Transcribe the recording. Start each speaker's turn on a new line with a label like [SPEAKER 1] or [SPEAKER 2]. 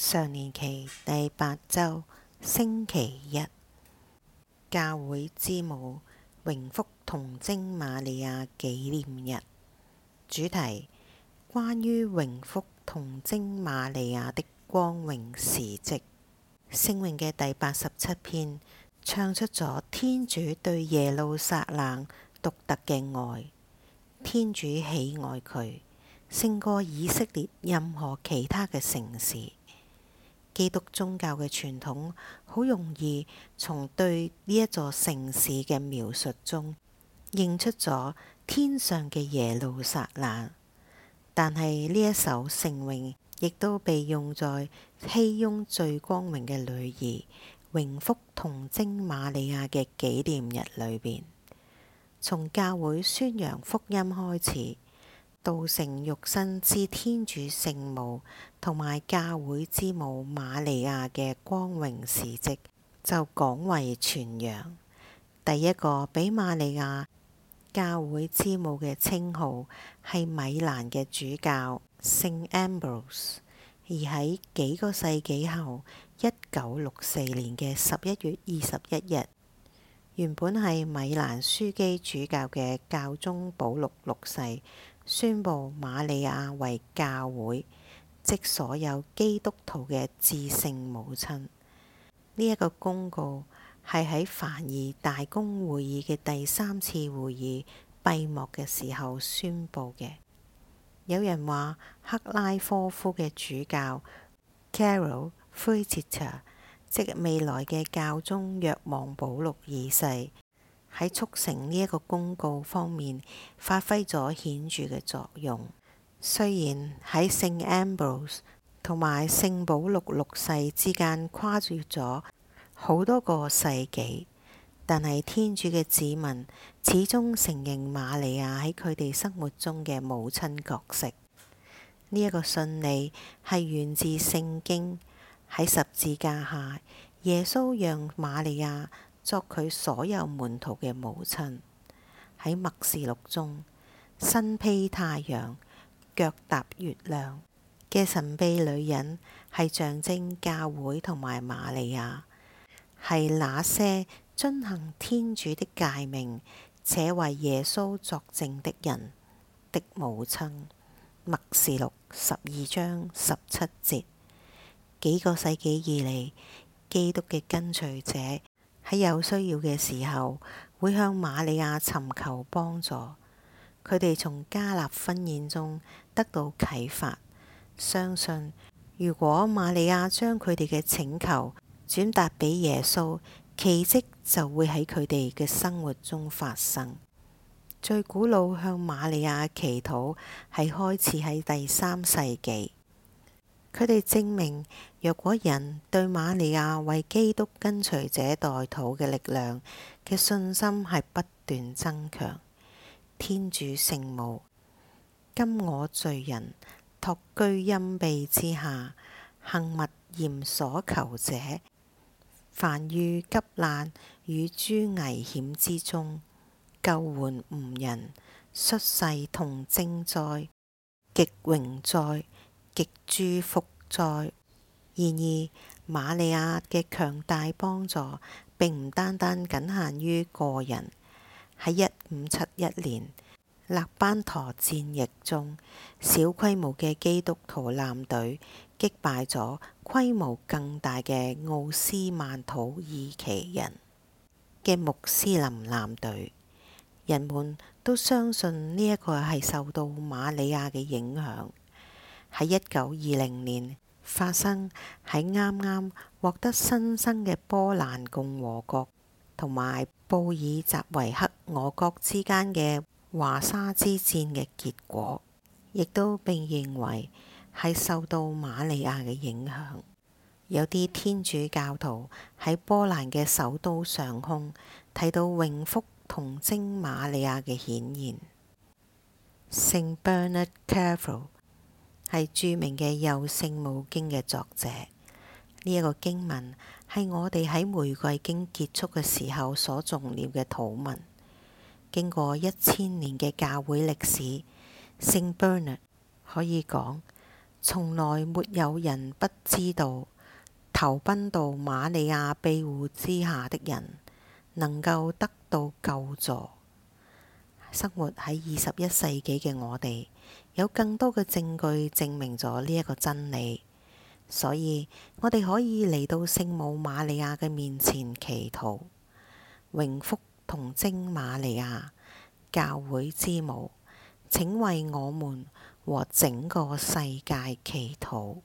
[SPEAKER 1] 常年期第八周星期一，教會之母榮福童貞瑪利亞紀念日主題：關於榮福童貞瑪利亞的光榮事蹟。聖詠嘅第八十七篇唱出咗天主對耶路撒冷獨特嘅愛，天主喜愛佢勝過以色列任何其他嘅城市。基督宗教嘅傳統好容易從對呢一座城市嘅描述中認出咗天上嘅耶路撒冷，但係呢一首聖詠亦都被用在熙雍最光榮嘅女兒榮福童貞瑪利亞嘅紀念日裏邊，從教會宣揚福音開始。道成肉身之天主聖母，同埋教會之母瑪利亞嘅光榮事蹟就廣為傳揚。第一個俾瑪利亞教會之母嘅稱號係米蘭嘅主教聖 Ambrose，而喺幾個世紀後，一九六四年嘅十一月二十一日，原本係米蘭樞機主教嘅教宗保祿六世。宣布瑪利亞為教會，即所有基督徒嘅至聖母親。呢、這、一個公告係喺梵二大公會議嘅第三次會議閉幕嘅時候宣布嘅。有人話，克拉科夫嘅主教 Karol Wojtyła，即未來嘅教宗若望保祿二世。喺促成呢一個公告方面，發揮咗顯著嘅作用。雖然喺聖 Ambrose 同埋聖保祿六,六世之間跨越咗好多個世紀，但係天主嘅子民始終承認瑪利亞喺佢哋生活中嘅母親角色。呢、這、一個信理係源自聖經喺十字架下，耶穌讓瑪利亞。作佢所有門徒嘅母親，喺《默示錄》中身披太陽、腳踏月亮嘅神秘女人，係象徵教會同埋瑪利亞，係那些遵行天主的誡命且為耶穌作證的人的母親。《默示錄》十二章十七節。幾個世紀以嚟，基督嘅跟隨者。喺有需要嘅時候，會向瑪利亞尋求幫助。佢哋從加納婚宴中得到啟發，相信如果瑪利亞將佢哋嘅請求轉達俾耶穌，奇蹟就會喺佢哋嘅生活中發生。最古老向瑪利亞祈禱係開始喺第三世紀。佢哋證明，若果人對瑪利亞為基督跟隨者代禱嘅力量嘅信心係不斷增強，天主聖母，今我罪人託居蔭庇之下，幸勿嫌所求者，凡遇急難與諸危險之中，救援吾人，卒世童貞哉，極榮哉。極殊福哉，然而瑪利亞嘅強大幫助並唔單單僅僅限於個人。喺一五七一年勒班陀戰役中，小規模嘅基督徒艦隊擊敗咗規模更大嘅奧斯曼土耳其人嘅穆斯林艦隊，人們都相信呢一個係受到瑪利亞嘅影響。喺一九二零年發生喺啱啱獲得新生嘅波蘭共和國同埋布爾什維克俄國之間嘅華沙之戰嘅結果，亦都被認為係受到瑪利亞嘅影響。有啲天主教徒喺波蘭嘅首都上空睇到榮福童貞瑪利亞嘅顯現。聖 Bernard Clairvaux 係著名嘅《又聖母經》嘅作者，呢、這、一個經文係我哋喺玫瑰經結束嘅時候所重要嘅禱文。經過一千年嘅教會歷史，聖 Bernard 可以講，從來沒有人不知道，投奔到瑪利亞庇護之下的人能夠得到救助。生活喺二十一世紀嘅我哋，有更多嘅證據證明咗呢一個真理，所以我哋可以嚟到聖母瑪利亞嘅面前祈禱，榮福童貞瑪利亞，教會之母，請為我們和整個世界祈禱。